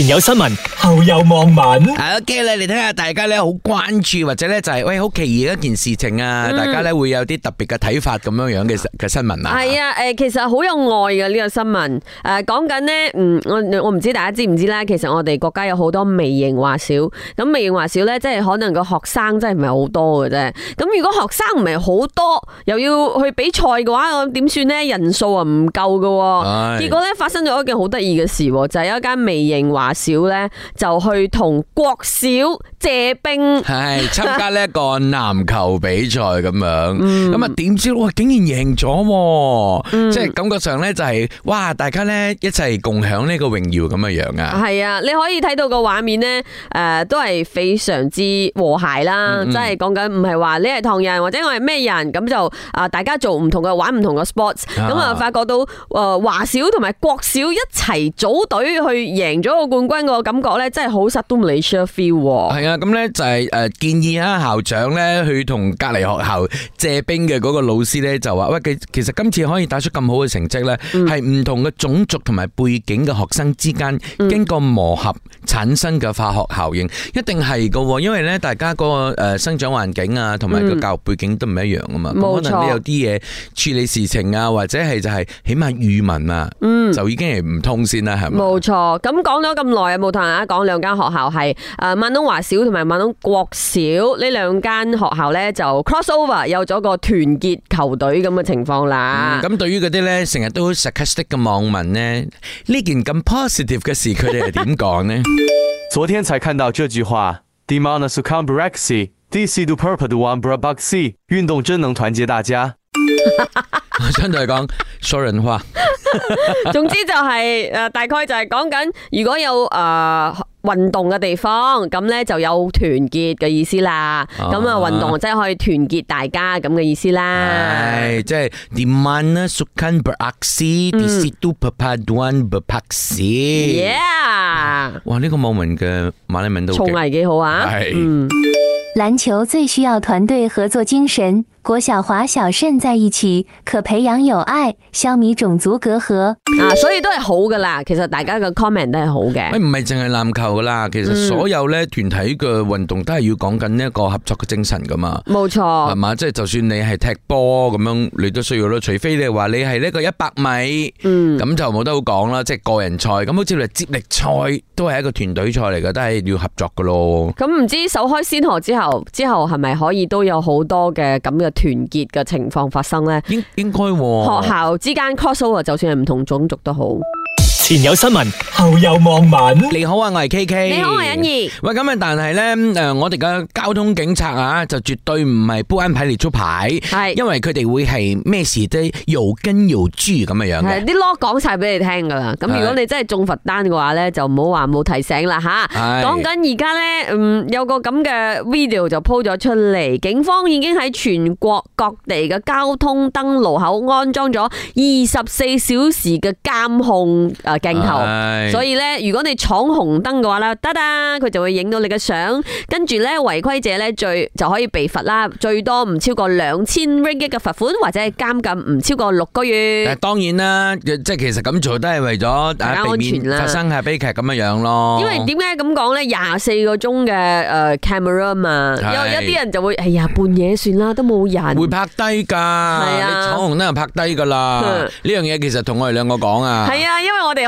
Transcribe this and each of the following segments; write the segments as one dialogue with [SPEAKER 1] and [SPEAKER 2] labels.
[SPEAKER 1] 前有新聞，後有網民。係 OK 啦，嚟睇下大家咧好關注或者咧就係、是、喂好奇異一件事情啊！大家咧會有啲特別嘅睇法咁樣樣嘅嘅新聞啊！係、
[SPEAKER 2] 嗯、啊，誒、嗯，其實好有愛嘅呢、這個新聞誒，講緊咧，嗯，我我唔知大家知唔知啦。其實我哋國家有好多微型畫少。咁微型畫少咧，即係可能個學生真係唔係好多嘅啫。咁如果學生唔係好多，又要去比賽嘅話，我點算呢？人數啊唔夠嘅，結果咧發生咗一件好得意嘅事，就係、是、有一間微型畫。華少咧就去同郭少借兵，係參加
[SPEAKER 1] 呢一個籃球比賽咁樣，咁啊點知哇竟然贏咗，即係感覺上咧就係哇，大家咧一齊共享呢個榮耀咁嘅樣啊！係
[SPEAKER 2] 啊，你可以睇到個畫面咧，誒都係非常之和諧啦，即係講緊唔係話你係唐人或者我係咩人，咁就啊大家做唔同嘅、玩唔同嘅 sports，咁啊發覺到誒華少同埋郭少一齊組隊去贏咗個。冠軍個感覺咧，真係好實都唔理 feel。係啊，咁咧就係誒建
[SPEAKER 1] 議啊校長咧去同隔籬學校借兵嘅嗰個老師咧就話喂，其實今次可以打出咁好嘅成績咧，係唔同嘅種族同埋背景嘅學生之間經過磨合產生嘅化學效應，一定係㗎。因為咧大家個誒生長環境啊，同埋個教育背景都唔一樣啊嘛。可能你有啲嘢處理事情啊，或者係就係起碼語文啊，就已經係唔通先啦、嗯，係咪？
[SPEAKER 2] 冇錯。咁講到。咁耐有冇同大家講，兩間學校係誒萬東華小同埋萬東國小呢兩間學校咧就 crossover 有咗個團結球隊咁嘅情況啦，嗯。
[SPEAKER 1] 咁對於嗰啲咧成日都好 sarcastic 嘅網民呢，呢件咁 positive 嘅事佢哋係點講呢？ 昨天才看到這句話，diversum b r e x y t dissidu perdu un brexit，運動真能團結大家。 我真係講說人話。
[SPEAKER 2] 總之就係誒，大概就係講緊，如果有誒運動嘅地方，咁咧就有團結嘅意思啦。咁啊，運動即係可以團結大家咁嘅、啊、
[SPEAKER 1] 意思啦。係即係哇，呢、
[SPEAKER 2] 這
[SPEAKER 1] 個 moment 嘅馬來文都
[SPEAKER 3] 幾好啊。係，籃球最需要團隊合作精神。國小華小慎在一起，可培養友愛，消弭種族隔閡啊！所以都係
[SPEAKER 2] 好噶啦，其實大家嘅 comment 都係好嘅。誒，唔
[SPEAKER 1] 係淨係籃球噶啦，其實所有咧團體嘅運動都係要講緊一個合作嘅精神噶嘛。
[SPEAKER 2] 冇、嗯、錯，係
[SPEAKER 1] 嘛？即係就算你係踢波咁樣，你都需要咯。除非你話你係呢個一百米，嗯，咁就冇得好講啦。即、就、係、是、個人賽咁，好似嚟，接力賽都係一個團隊賽嚟噶，都係要合作噶咯。
[SPEAKER 2] 咁、嗯、唔知道首開先河之後，之後係咪可以都有好多嘅咁嘅？團結嘅情況發生咧，應應該、
[SPEAKER 1] 啊、學校
[SPEAKER 2] 之間 cross over，就算係唔同種族都好。
[SPEAKER 1] 前有新聞，後有網民。你好啊，我係 K K。你好，我係欣怡。喂，今日但係咧，誒，我哋嘅交通警察啊，就絕對唔係不按牌理出牌，係，因為佢哋會係咩事都又跟又追咁嘅樣嘅。
[SPEAKER 2] 啲囉講晒俾你聽噶啦，咁如果你真係中罰單嘅話咧，就唔好話冇提醒啦吓。講緊而家咧，嗯，有個咁嘅 video 就 po 咗出嚟，警方已經喺全國各地嘅交通燈路口安裝咗二十四小時嘅監控誒。鏡頭，所以咧，如果你闖紅燈嘅話咧，得得，佢就會影到你嘅相，跟住咧，違規者咧，最就可以被罰啦，最多唔超過兩千 ringgit 嘅罰款，或者係監禁唔超過六個月。
[SPEAKER 1] 當然啦，即係其實咁做都係為咗大家避免發生係悲劇咁樣樣咯。因為點
[SPEAKER 2] 解咁講咧？廿四個鐘嘅誒 camera 嘛，有一啲人就會，哎呀，半夜算啦，都冇人會拍低噶，係啊，你闖紅燈拍低
[SPEAKER 1] 噶啦。呢樣嘢其實同我哋兩個講啊，係啊，因為我哋。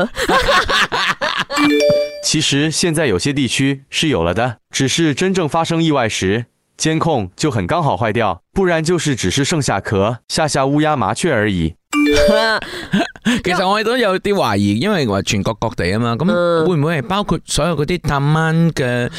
[SPEAKER 1] 其實現在有些地區是有了的，只是真正發生意外時，監控就很剛好壞掉。不然就是只是剩下殼，下下烏鴉麻雀而已。 其實我都有啲懷疑，因為話全國各地啊嘛，咁會唔會係包括所有啲特彎嘅誒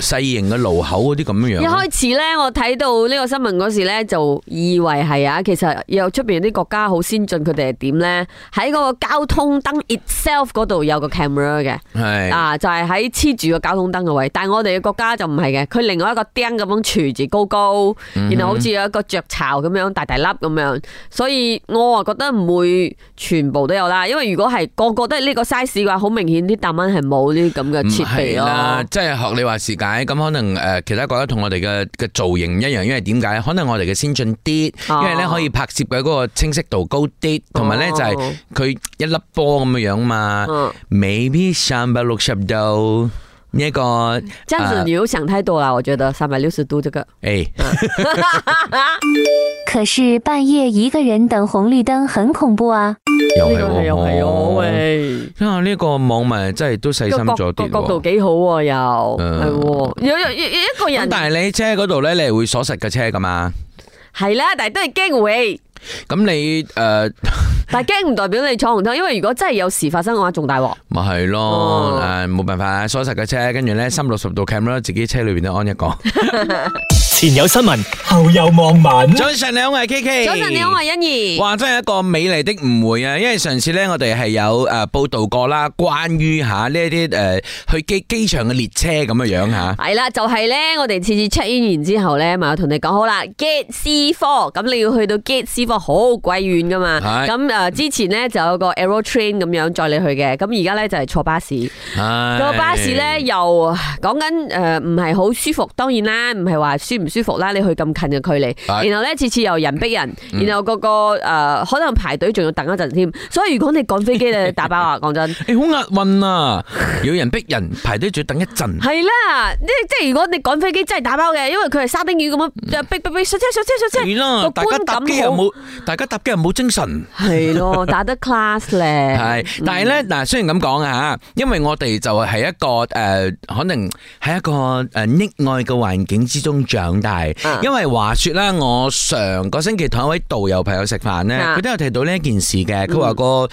[SPEAKER 1] 細型嘅路口啲咁樣？一開
[SPEAKER 2] 始咧，我睇到呢個新聞時咧，就以為係啊。其實有出面啲國家好先進，佢哋係點咧？喺個交通燈 itself 度有個 camera 嘅，係啊就係喺黐住個交通燈嘅位。但係我哋嘅國家就唔係嘅，佢另外一個釘咁樣垂住高高，嗯、然後好似有一個雀巢咁樣，大大粒咁樣，所以我啊覺得唔會全部都有啦。因為如果係個個都係呢個 size 嘅話，好明顯啲答案係冇呢啲咁嘅設備咯。啊、
[SPEAKER 1] 即係學你話事解，咁可能誒，其他國家同我哋嘅嘅造型唔一樣，因為點解？可能我哋嘅先進啲，因為咧可以拍攝嘅嗰個清晰度高啲，同埋咧就係佢一粒波咁嘅樣嘛。啊、Maybe 三百六十度。呢、這個，這樣子你
[SPEAKER 2] 又想太多了，啊、我覺得三百六十度這
[SPEAKER 3] 個，誒、哎，啊、 可是半夜一個人等紅綠燈很恐怖啊，
[SPEAKER 1] 又係喎，因為呢個網民真係都細心咗啲，角度
[SPEAKER 2] 幾好啊又，係喎、嗯哦，有，一個人，
[SPEAKER 1] 但係你車嗰度咧，你係會鎖實嘅車噶嘛？
[SPEAKER 2] 係啦，但係都係驚喂。咁你誒，但驚唔代表你闖紅燈，因為如果真係有事發生嘅話，仲大鑊。
[SPEAKER 1] 咪係咯，誒，冇辦法，疏忽嘅啫。跟住咧，三六十度 camera，自己車裏邊都安一個。前有新聞，後有網民。早晨你好，我係 KK。早晨你好，我係
[SPEAKER 2] 欣怡。哇，真係一
[SPEAKER 1] 個美麗的誤會啊！因為上次咧，我哋係有誒報道過啦，關於吓呢一啲誒去機機場嘅列車咁嘅樣吓。係
[SPEAKER 2] 啦，就係咧，我哋次次出現完之後咧，咪有同你講好啦，Get C Four，咁你要去到 Get C。好鬼遠噶嘛？咁誒，之前呢，就有個 Aero Train 咁樣載你去嘅，咁而家呢，就係坐巴士。個巴士呢，又講緊誒，唔係好舒服。當然啦，唔係話舒唔舒服啦。你去咁近嘅距離，然後呢，次次又人逼人，嗯、然後個個誒、呃、可能排隊仲要等一陣添。所以如果你趕飛機咧打包啊，講 真的，你
[SPEAKER 1] 好壓暈啊！有人逼人，排隊仲要等一陣。
[SPEAKER 2] 係 啦，即即係如果你趕飛機真係打包嘅，因為佢係沙丁魚咁樣逼，逼逼逼上車上車上車，個觀感好。大家搭機又冇精神，係咯，打得 class 咧。係，
[SPEAKER 1] 但係咧嗱，雖然咁講啊，因為我哋就係一個誒，可能喺一個誒溺愛嘅環境之中長大。因為話說啦，我上個星期同一位導遊朋友食飯咧，佢都有提到呢一件事嘅。佢話個誒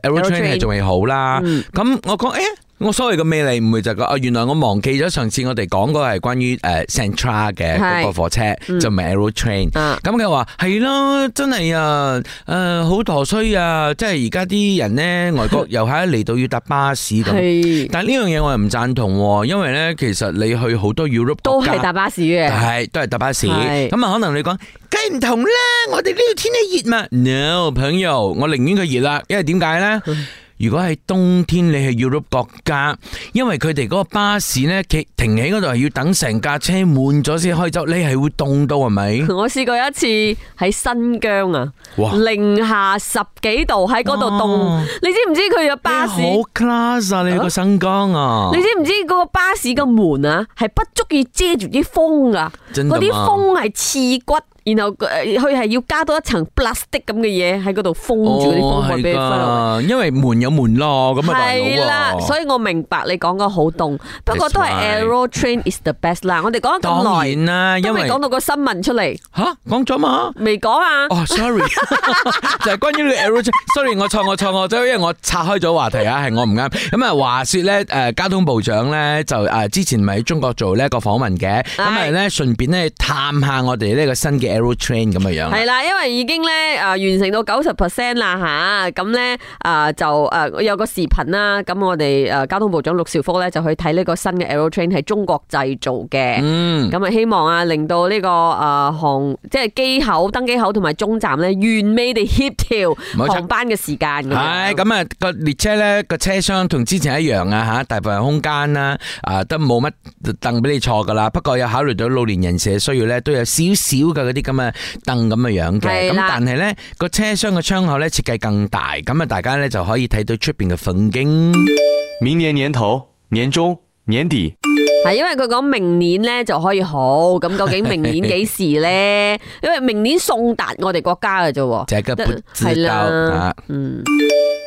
[SPEAKER 1] ，airtrain 係仲未好啦。咁我講誒。我所謂嘅魅力唔會就係、係、啊，原來我忘記咗上次我哋講過係關於誒 Central 嘅嗰個火車，係嗯、就唔係 Arrow Train。啊。咁佢話係咯，真係啊，誒好陀衰啊！即係而家啲人咧，外國遊客嚟到要搭巴士咁。但係呢樣嘢我又唔贊同喎，因為咧其實你去好多 Europe 都係搭巴士嘅，係都係搭巴士。咁啊，可能你講梗唔同啦。我哋呢度天氣熱嘛？No 朋友，我寧願佢熱啦，因為點解咧？嗯如果喺冬天你係要碌國家，因為佢哋嗰個巴士咧，停喺嗰度係要等成架車滿咗先開走，你係會凍到係咪？
[SPEAKER 2] 我試過一次喺新疆啊，哇，零下十幾度喺嗰度凍，你知唔知佢有巴士？好 class 啊！你個新
[SPEAKER 1] 疆啊！啊你知
[SPEAKER 2] 唔知嗰個巴士嘅門啊，係不足以遮住啲風啊，嗰啲風係刺骨。然後佢係要加多一層 plastic 咁嘅嘢，喺嗰度封住啲風，係噶，
[SPEAKER 1] 因為門有門咯，咁啊凍到噶。係啦，所以
[SPEAKER 2] 我明白你講個好凍，不過都係 Aerotrain is the best 啦。我哋講咁耐，都未講到個新聞出嚟。吓，講咗嘛？未講啊？哦，sorry，就
[SPEAKER 1] 係關於呢個 Aerotrain。sorry，我錯，我錯，我即係因為我岔開咗話題啊，係我唔啱。咁啊，話說咧，誒，交通部長咧就誒之前咪喺中國做呢一個訪問嘅，咁啊咧順便咧探下我哋呢個新嘅。aerotrain 咁嘅樣，係
[SPEAKER 2] 啦，因為已經咧啊完成到九十 percent 啦吓，咁咧啊就啊有個視頻啦，咁我哋啊交通部長陸兆福咧就去睇呢個新嘅 aerotrain 係中國製造嘅，嗯，咁啊希望啊令到呢個啊航即係機口登機口同埋中站咧完美地協調航班嘅時間嘅，係，
[SPEAKER 1] 咁啊個列車咧個車廂同之前一樣啊吓，大部分空間啦啊都冇乜凳俾你坐噶啦，不過又考慮到老年人社需要咧，都有少少嘅嗰啲。咁啊，燈咁嘅樣嘅，咁但係咧個車廂嘅窗口咧設計更大，咁啊大家咧就可以睇到出邊嘅風景。明年年頭、年終、年底，
[SPEAKER 2] 係因為佢講明年咧就可以好，咁究竟明年幾時咧？因為明年送達我哋國家嘅啫，就係啦，嗯。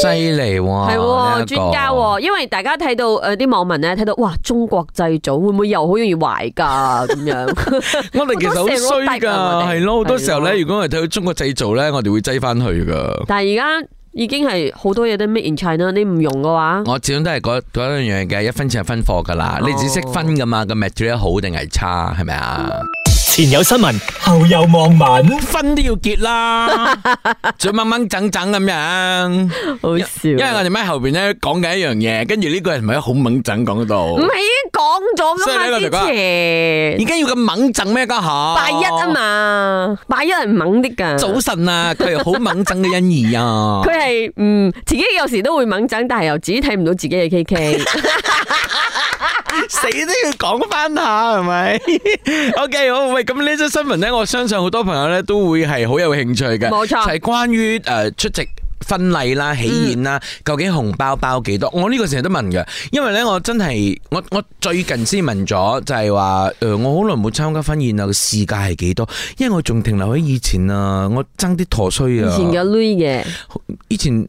[SPEAKER 2] 犀利喎，係喎專家、哦，因為大家睇到誒啲、呃、網民咧睇到哇中國製造會唔會又好容易壞噶咁樣？ 我哋其實好衰噶，係咯好多時
[SPEAKER 1] 候咧、哦，如果我哋睇到中國製造咧，我哋會擠翻去噶。
[SPEAKER 2] 但係而家已經係好多嘢都 made in China，你唔用嘅話，我
[SPEAKER 1] 始終都係嗰一樣嘅，一分錢係分貨噶啦，你只識分噶嘛？個 material 好定係差係咪啊？嗯前有新聞，後有網民，婚都要結啦，仲掹掹整整咁樣，好笑。因為我哋喺後邊咧講嘅一樣嘢，跟住呢個係唔係好掹整講到？唔係
[SPEAKER 2] 已經講咗噶嘛？之前，而家要咁掹整咩家下？拜一啊嘛，拜一係掹啲噶。早晨啊，佢係好掹整嘅欣怡啊，佢係嗯自己有時都會掹整，但係又自己睇唔到自己嘅 K K。死都要講翻下係咪
[SPEAKER 1] ？OK 好，喂，咁呢則新聞咧，我相信好多朋友咧都會係好有興趣嘅，冇錯，係關於誒出席婚禮啦、喜宴啦，嗯、究竟紅包包幾多？我呢個成日都問嘅，因為咧我真係我我最近先問咗，就係話誒我好耐冇參加婚宴啊，個市價係幾多？因為我仲、呃、停留喺以前啊，我爭啲陀衰啊，以前嘅女嘅，以前。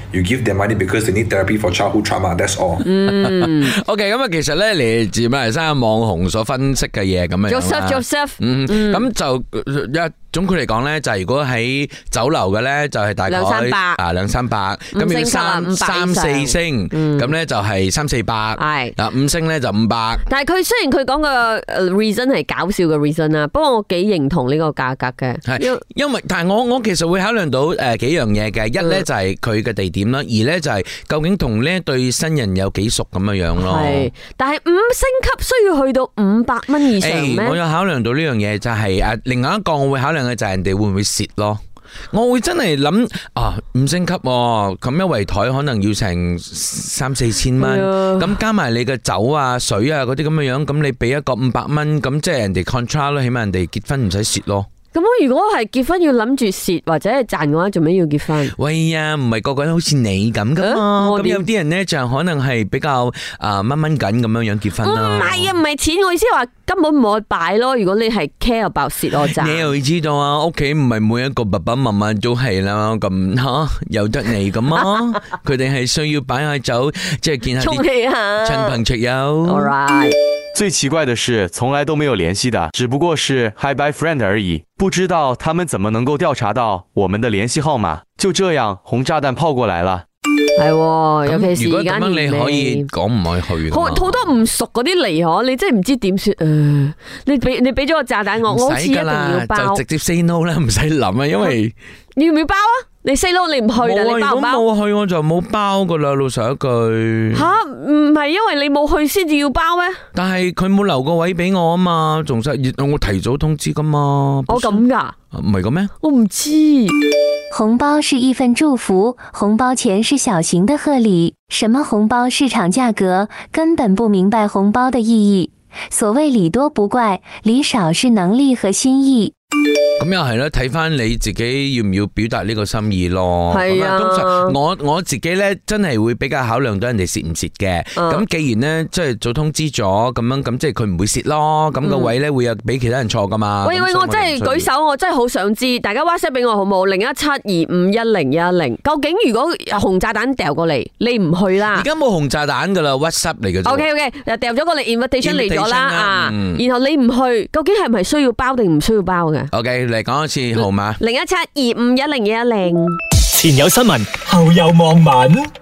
[SPEAKER 1] You give them money because they need therapy for childhood trauma，that's
[SPEAKER 2] all。
[SPEAKER 1] 嗯，OK，咁啊，其實咧嚟自馬來西亞網紅所分析嘅嘢咁樣。要收要收。嗯嗯。咁就一總括嚟講咧，就係如果喺酒樓嘅咧，就係大概兩三百啊，兩三百。咁升到五百，三四星咁咧就係三四百。係嗱，五星咧就五百。
[SPEAKER 2] 但係佢雖然佢講嘅誒 reason 係搞笑嘅 reason 啊，不過我幾認同呢個價格嘅。係，
[SPEAKER 1] 因為但係我我其實會考量到誒幾樣嘢嘅，一咧就係佢嘅地點。點啦？而咧就係、是、究竟同呢一對新人有幾熟咁樣樣咯？係，
[SPEAKER 2] 但係五星級需要去到五百蚊以上咩？欸、我有
[SPEAKER 1] 考量到呢樣嘢，就係、是、另外一個我會考量嘅就係人哋會唔會蝕咯？我會真係諗啊，五星級咁、啊、一圍台可能要成三四千蚊，咁加埋你嘅酒啊、水啊嗰啲咁嘅樣，咁你俾一個五百蚊，咁即係人哋 control 咯，起碼人哋結婚唔使蝕咯。
[SPEAKER 2] 咁我如果係結婚要諗住蝕或者係賺嘅話，做咩要結婚？
[SPEAKER 1] 喂呀，唔係個個都好似你咁噶嘛？咁有啲人咧就可能係比較誒掹掹緊咁樣樣結婚啦。唔係
[SPEAKER 2] 呀，唔係錢，我意思話根本冇擺咯。如果你係 care about 蝕我賺，你
[SPEAKER 1] 又會知道啊？屋企唔係每一個爸爸媽媽都係啦，咁吓有得你咁啊？佢哋係需要擺下酒，即係見下啲親朋戚友。Alright。最奇怪的是，從來都沒有聯繫的，只不過是 Hi Bye Friend 而已。不知道他們怎麼能夠調查到我們的聯繫號碼？就這樣，紅炸彈拋過來
[SPEAKER 2] 了。係、哦，尤其是而家年
[SPEAKER 1] 尾，好
[SPEAKER 2] 多唔熟嗰啲嚟，嗬，你真係唔知點算。誒、呃，你俾你俾咗個炸彈我，我好似一定要包。唔使
[SPEAKER 1] 噶啦，就直接 say no 啦，唔使諗啊，因為
[SPEAKER 2] 你要唔要包啊？你細佬你唔去、啊、你包唔
[SPEAKER 1] 包？我如果冇去，我就冇包噶啦，老實一句。吓，
[SPEAKER 2] 唔係因為你冇去先至要包咩？
[SPEAKER 1] 但係佢冇留個位俾我啊嘛，仲使我提早通知噶嘛？我咁噶？唔係咁咩？
[SPEAKER 3] 我唔知。紅包是一份祝福，紅包錢是小型的賀禮。什麼紅包市場價格，根本不明白紅包的意義。所謂禮多不怪，禮少是能力和心意。
[SPEAKER 1] 咁又係咯，睇翻你自己要唔要表達呢個心意咯。係啊，通常我我自己咧，真係會比較考量到人哋蝕唔蝕嘅。咁既然咧，即係早通知咗咁樣，咁即係佢唔會蝕咯。咁個位咧會有俾其他人坐噶嘛？喂喂，我真係舉手，
[SPEAKER 2] 我真係好想知，大家 WhatsApp 俾我好冇？零一七二五一零一零。究竟如果有紅炸彈掉過嚟，你唔去啦？而家
[SPEAKER 1] 冇紅炸彈噶啦，WhatsApp 來嘅。O K
[SPEAKER 2] O K，又掉咗過嚟，invitation 來咗啦啊。然後你唔去，究竟係唔係需要包定唔需要包嘅？
[SPEAKER 1] OK，嚟講一次號碼：
[SPEAKER 2] 零一七二五一零一一零,零。
[SPEAKER 1] 前有新聞，後有網民。